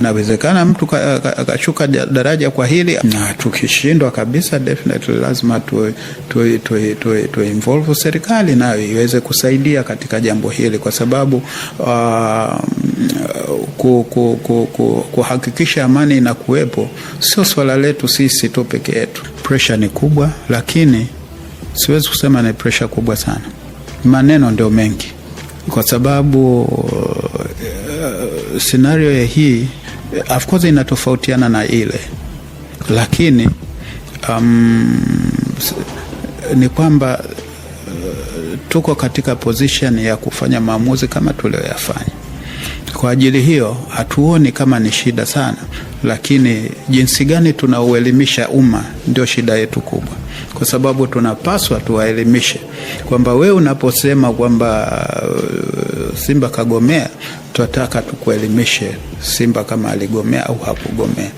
Inawezekana mtu akashuka daraja kwa hili, na tukishindwa kabisa, definitely lazima tu, tu, tu, tu, tu involve serikali nayo iweze kusaidia katika jambo hili, kwa sababu uh, ku, ku, ku, ku, kuhakikisha amani inakuwepo sio swala letu sisi tu peke yetu. Pressure ni kubwa, lakini siwezi kusema ni pressure kubwa sana. Maneno ndio mengi, kwa sababu uh, scenario ya hii of course inatofautiana na ile, lakini um, ni kwamba uh, tuko katika position ya kufanya maamuzi kama tulioyafanya Kwa ajili hiyo hatuoni kama ni shida sana, lakini jinsi gani tunauelimisha umma ndio shida yetu kubwa kwa sababu tunapaswa tuwaelimishe kwamba wewe unaposema kwamba uh, Simba kagomea, tunataka tukuelimishe Simba kama aligomea au hakugomea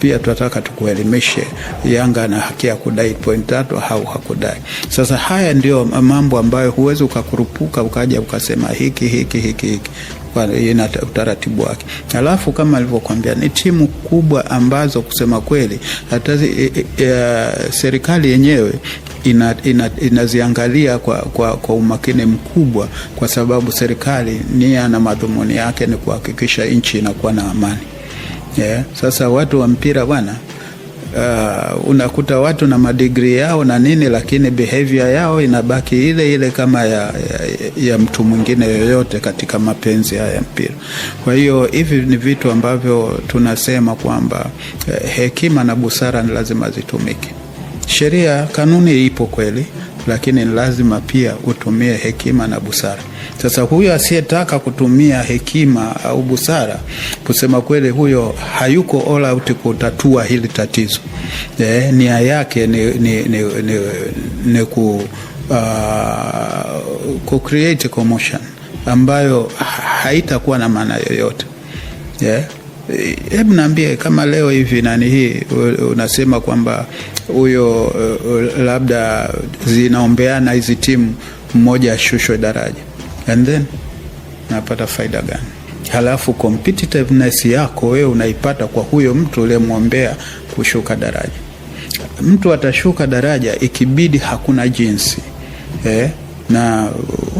pia tunataka tukuelimishe Yanga na haki ya kudai point tatu au hakudai. Sasa haya ndio mambo ambayo huwezi ukakurupuka ukaja ukasema hiki hiki hiki hiki ina utaratibu wake. Alafu kama alivyokuambia ni timu kubwa ambazo kusema kweli hata e, e, e, serikali yenyewe inaziangalia ina, ina kwa, kwa, kwa umakini mkubwa, kwa sababu serikali nia na madhumuni yake ni kuhakikisha nchi inakuwa na amani. Yeah. Sasa watu wa mpira bwana uh, unakuta watu na madigri yao na nini, lakini behavior yao inabaki ile ile kama ya, ya, ya mtu mwingine yoyote katika mapenzi haya ya mpira. Kwa hiyo hivi ni vitu ambavyo tunasema kwamba eh, hekima na busara ni lazima zitumike. Sheria, kanuni ipo kweli lakini lazima pia utumie hekima na busara. Sasa huyo asiyetaka kutumia hekima au busara, kusema kweli, huyo hayuko all out kutatua hili tatizo. Eh, nia yake ni, ni, ni, ni, ni ku, uh, ku create commotion ambayo haitakuwa na maana yoyote. Yeah. Hebu naambie kama leo hivi nani hii unasema kwamba huyo eh, labda zinaombeana hizi timu, mmoja ashushwe daraja, and then napata faida gani? Halafu competitiveness yako wewe unaipata kwa huyo mtu uliyemwombea kushuka daraja. Mtu atashuka daraja, ikibidi hakuna jinsi eh? na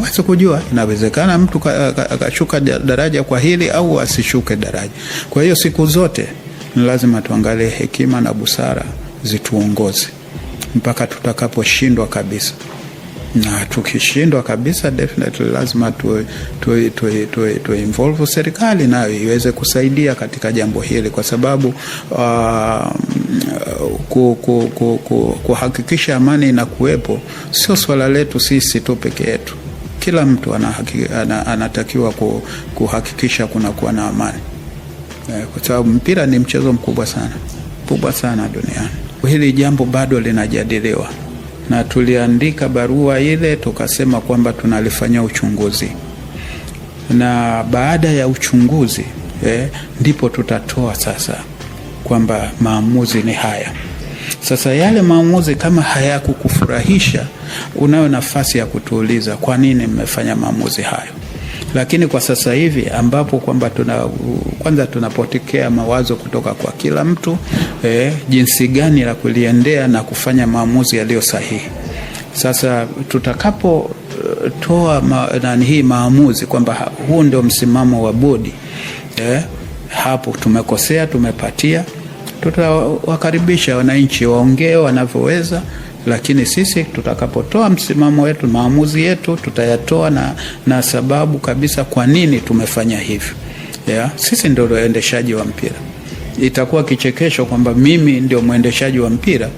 wasi kujua, inawezekana mtu akashuka daraja kwa hili au asishuke daraja. Kwa hiyo siku zote ni lazima tuangalie hekima na busara zituongoze mpaka tutakaposhindwa kabisa na tukishindwa kabisa, definitely lazima tuwe, tu, tu, tu, tu involve serikali nayo iweze kusaidia katika jambo hili, kwa sababu uh, ku, ku, ku, ku, kuhakikisha amani inakuwepo sio swala letu sisi tu peke yetu. Kila mtu anahaki, ana, anatakiwa kuhakikisha kunakuwa na amani eh, kwa sababu mpira ni mchezo mkubwa sana mkubwa sana duniani. Hili jambo bado linajadiliwa na tuliandika barua ile tukasema kwamba tunalifanya uchunguzi, na baada ya uchunguzi eh, ndipo tutatoa sasa kwamba maamuzi ni haya. Sasa yale maamuzi kama hayakukufurahisha, unayo nafasi ya kutuuliza kwa nini mmefanya maamuzi hayo lakini kwa sasa hivi ambapo kwamba tuna kwanza tunapotekea mawazo kutoka kwa kila mtu eh, jinsi gani la kuliendea na kufanya maamuzi yaliyo sahihi. Sasa tutakapotoa eh, ma, nani hii maamuzi kwamba huu ndio msimamo wa bodi eh, hapo tumekosea, tumepatia, tutawakaribisha wananchi waongee wanavyoweza lakini sisi tutakapotoa msimamo wetu, maamuzi yetu tutayatoa na, na sababu kabisa kwa nini tumefanya hivyo. Yeah, sisi ndio waendeshaji wa mpira. Itakuwa kichekesho kwamba mimi ndio mwendeshaji wa mpira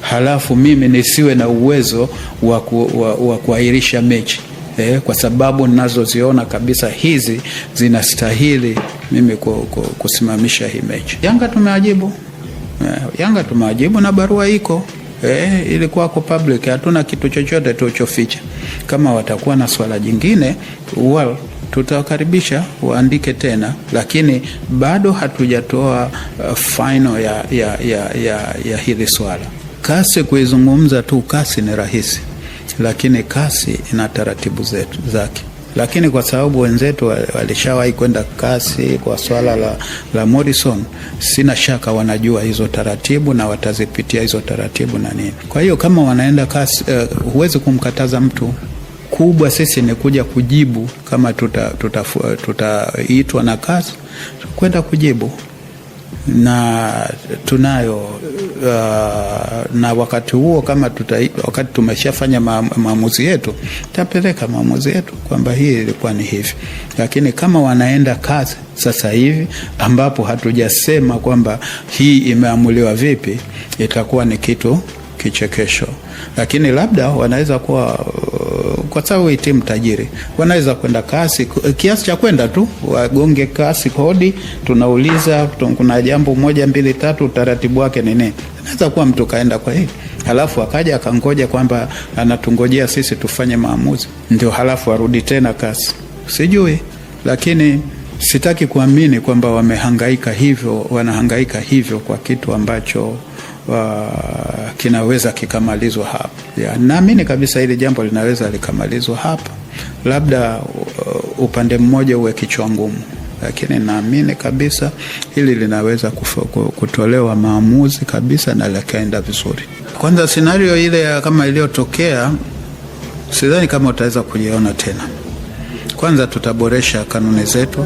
halafu mimi nisiwe na uwezo wa, ku, wa, wa kuahirisha mechi eh, kwa sababu ninazoziona kabisa hizi zinastahili mimi ku, ku, kusimamisha hii mechi. Yanga tumeajibu eh, Yanga tumeajibu na barua iko eh, ilikuwa kwa public, hatuna kitu chochote tuchoficha Kama watakuwa na swala jingine well, tutawakaribisha waandike tena, lakini bado hatujatoa uh, final ya, ya, ya, ya, ya hili swala. Kasi kuizungumza tu, kasi ni rahisi, lakini kasi ina taratibu zetu zake lakini kwa sababu wenzetu walishawahi kwenda kasi kwa swala la, la Morrison, sina shaka wanajua hizo taratibu na watazipitia hizo taratibu na nini. Kwa hiyo kama wanaenda kasi, uh, huwezi kumkataza mtu kubwa sisi ni kuja kujibu kama tutaitwa tuta, tuta, tuta na kasi kwenda kujibu na tunayo uh, na wakati huo kama tuta, wakati tumeshafanya maamuzi yetu tapeleka maamuzi yetu kwamba hii ilikuwa ni hivi, lakini kama wanaenda kazi sasa hivi ambapo hatujasema kwamba hii imeamuliwa vipi, itakuwa ni kitu kichekesho, lakini labda wanaweza kuwa kwa sababu hii timu tajiri wanaweza kwenda kasi kiasi cha kwenda tu wagonge kasi kodi, tunauliza kuna jambo moja mbili tatu, utaratibu wake nini? Anaweza kuwa mtu kaenda kwa hii halafu akaja akangoja kwamba anatungojea sisi tufanye maamuzi, ndio halafu arudi tena kasi, sijui, lakini sitaki kuamini kwamba wamehangaika hivyo, wanahangaika hivyo kwa kitu ambacho Uh, kinaweza kikamalizwa hapa Naamini kabisa hili jambo linaweza likamalizwa hapa, labda uh, upande mmoja uwe kichwa ngumu, lakini naamini kabisa hili linaweza kutolewa maamuzi kabisa na likaenda vizuri. Kwanza sinario ile kama iliyotokea, sidhani kama utaweza kujiona tena. Kwanza tutaboresha kanuni zetu,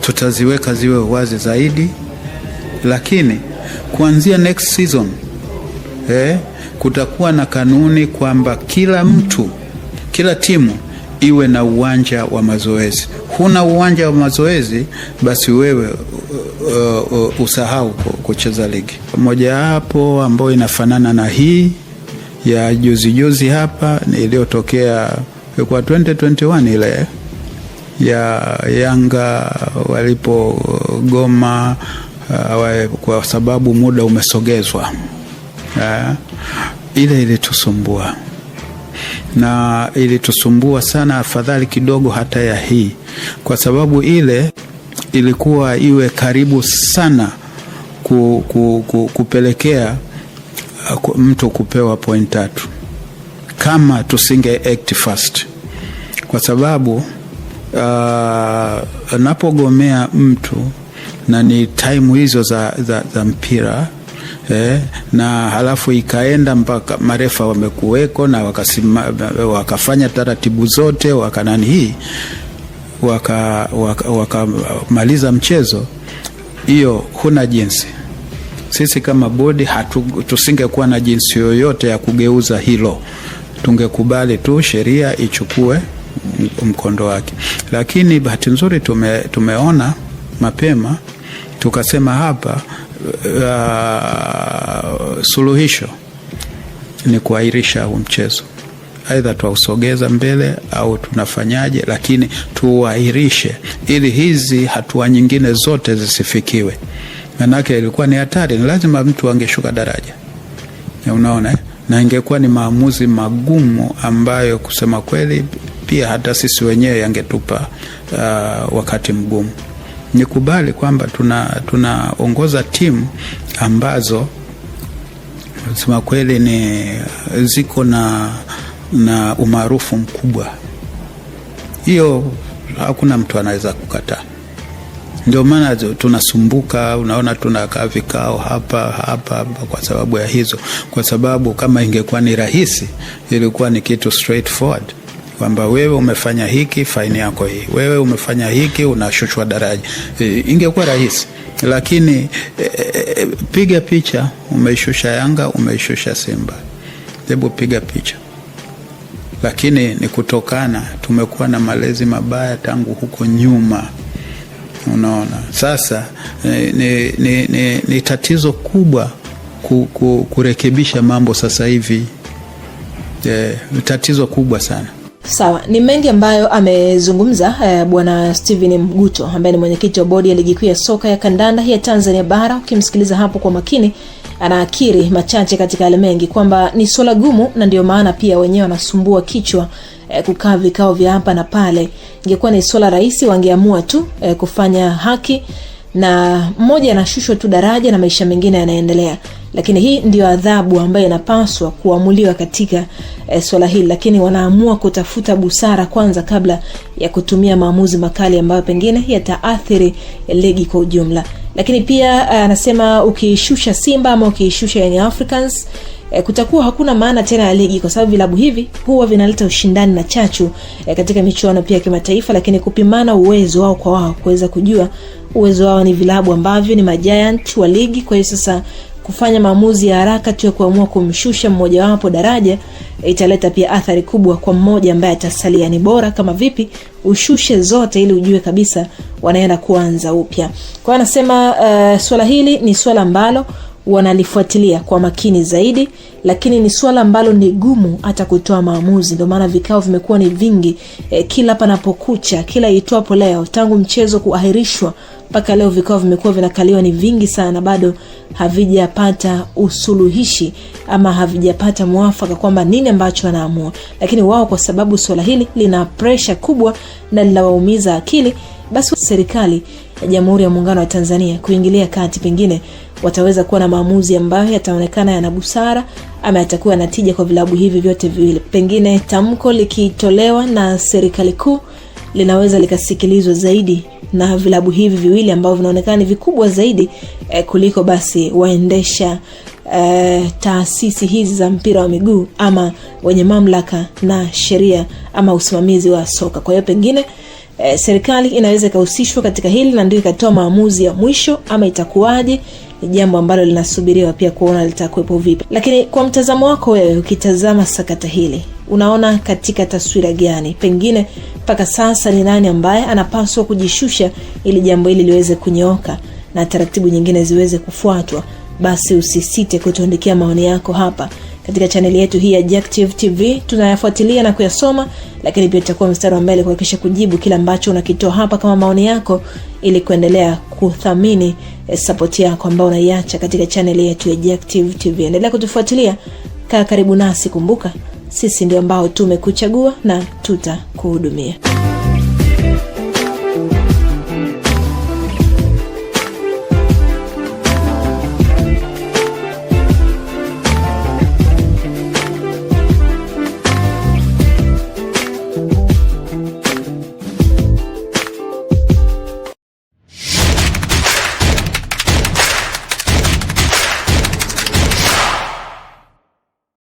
tutaziweka ziwe wazi zaidi, lakini kuanzia next season eh, kutakuwa na kanuni kwamba kila mtu, kila timu iwe na uwanja wa mazoezi. Huna uwanja wa mazoezi, basi wewe uh, uh, usahau kucheza ligi. Mojawapo ambayo inafanana na hii ya juzi juzi hapa iliyotokea kwa 2021 ile ya Yanga walipogoma uh, uh, kwa sababu muda umesogezwa. Uh, ile ilitusumbua na ilitusumbua sana, afadhali kidogo hata ya hii, kwa sababu ile ilikuwa iwe karibu sana ku, ku, ku, kupelekea uh, mtu kupewa point tatu kama tusinge act fast, kwa sababu uh, anapogomea mtu na ni taimu hizo za, za, za mpira eh, na halafu ikaenda mpaka marefa wamekuweko na wakasima, wakafanya taratibu zote wakanani hii wakamaliza waka, waka mchezo. Hiyo huna jinsi. Sisi kama bodi tusingekuwa na jinsi yoyote ya kugeuza hilo, tungekubali tu sheria ichukue mkondo wake, lakini bahati nzuri tume, tumeona mapema tukasema hapa uh, suluhisho ni kuahirisha huu mchezo, aidha twausogeza mbele au tunafanyaje, lakini tuuahirishe ili hizi hatua nyingine zote zisifikiwe. Manake ilikuwa ni hatari, ni lazima mtu angeshuka daraja, unaona, na ingekuwa ni maamuzi magumu ambayo kusema kweli pia hata sisi wenyewe yangetupa uh, wakati mgumu nikubali kwamba tunaongoza tuna timu ambazo sema kweli ni ziko na, na umaarufu mkubwa. Hiyo hakuna mtu anaweza kukataa. Ndio maana tunasumbuka, unaona, tunakaa vikao hapa hapa kwa sababu ya hizo, kwa sababu kama ingekuwa ni rahisi, ilikuwa ni kitu straightforward kwamba wewe umefanya hiki, faini yako hii, wewe umefanya hiki, unashushwa daraja. E, ingekuwa rahisi, lakini e, e, piga picha, umeishusha Yanga, umeishusha Simba, hebu piga picha. Lakini ni kutokana, tumekuwa na malezi mabaya tangu huko nyuma. Unaona sasa e, ni, ni, ni, ni tatizo kubwa ku, ku, kurekebisha mambo sasa hivi. E, tatizo kubwa sana. Sawa, ni mengi ambayo amezungumza eh, bwana Steven Mguto ambaye ni mwenyekiti wa bodi ya ligi kuu ya soka ya kandanda ya Tanzania bara. Ukimsikiliza hapo kwa makini, anaakiri machache katika yale mengi, kwamba ni swala gumu na ndio maana pia wenyewe wanasumbua kichwa eh, kukaa vikao vya hapa na pale. Ingekuwa ni swala rahisi, wangeamua tu eh, kufanya haki na mmoja anashushwa tu daraja na maisha mengine yanaendelea lakini hii ndio adhabu ambayo inapaswa kuamuliwa katika e, swala hili, lakini wanaamua kutafuta busara kwanza kabla ya kutumia maamuzi makali ambayo pengine yataathiri ligi kwa ujumla. Lakini pia eh, anasema uh, ukiishusha Simba ama ukiishusha yani Africans E, kutakuwa hakuna maana tena ya ligi kwa sababu vilabu hivi huwa vinaleta ushindani na chachu e, katika michuano pia ya kimataifa, lakini kupimana uwezo wao kwa wao, kuweza kujua uwezo wao ni vilabu ambavyo ni majiant wa ligi. Kwa hiyo sasa kufanya maamuzi ya haraka tu ya kuamua kumshusha mmojawapo daraja italeta pia athari kubwa kwa mmoja ambaye atasalia. Ni bora kama vipi ushushe zote, ili ujue kabisa wanaenda kuanza upya. Kwa hiyo anasema uh, swala hili ni swala ambalo wanalifuatilia kwa makini zaidi, lakini ni swala ambalo ni gumu hata kutoa maamuzi. Ndio maana vikao vimekuwa ni vingi, eh, kila panapokucha, kila itwapo leo, tangu mchezo kuahirishwa mpaka leo vikao vimekuwa vinakaliwa ni vingi sana, bado havijapata usuluhishi ama havijapata mwafaka kwamba nini ambacho wanaamua, lakini wao kwa sababu suala hili lina presha kubwa na linawaumiza akili, basi serikali ya Jamhuri ya Muungano wa Tanzania kuingilia kati, pengine wataweza kuwa na maamuzi ambayo yataonekana yana busara ama yatakuwa na tija kwa vilabu hivi vyote viwili. Pengine tamko likitolewa na serikali kuu linaweza likasikilizwa zaidi na vilabu hivi viwili ambavyo vinaonekana ni vikubwa zaidi eh, kuliko basi waendesha eh, taasisi hizi za mpira wa miguu ama wenye mamlaka na sheria ama usimamizi wa soka. Kwa hiyo pengine e, serikali inaweza ikahusishwa katika hili na ndio ikatoa maamuzi ya mwisho ama itakuwaje ni jambo ambalo linasubiriwa pia kuona litakuwepo vipi lakini kwa mtazamo wako wewe ukitazama sakata hili unaona katika taswira gani pengine mpaka sasa ni nani ambaye anapaswa kujishusha ili jambo hili liweze kunyooka na taratibu nyingine ziweze kufuatwa basi usisite kutuandikia maoni yako hapa katika chaneli yetu hii ya jactive TV. Tunayafuatilia na kuyasoma, lakini pia tutakuwa mstari wa mbele kuhakikisha kujibu kila ambacho unakitoa hapa kama maoni yako, ili kuendelea kuthamini eh, sapoti yako ambayo unaiacha katika chaneli yetu ya jactive TV. Endelea kutufuatilia, kaa karibu nasi. Kumbuka sisi ndio ambao tumekuchagua na tutakuhudumia.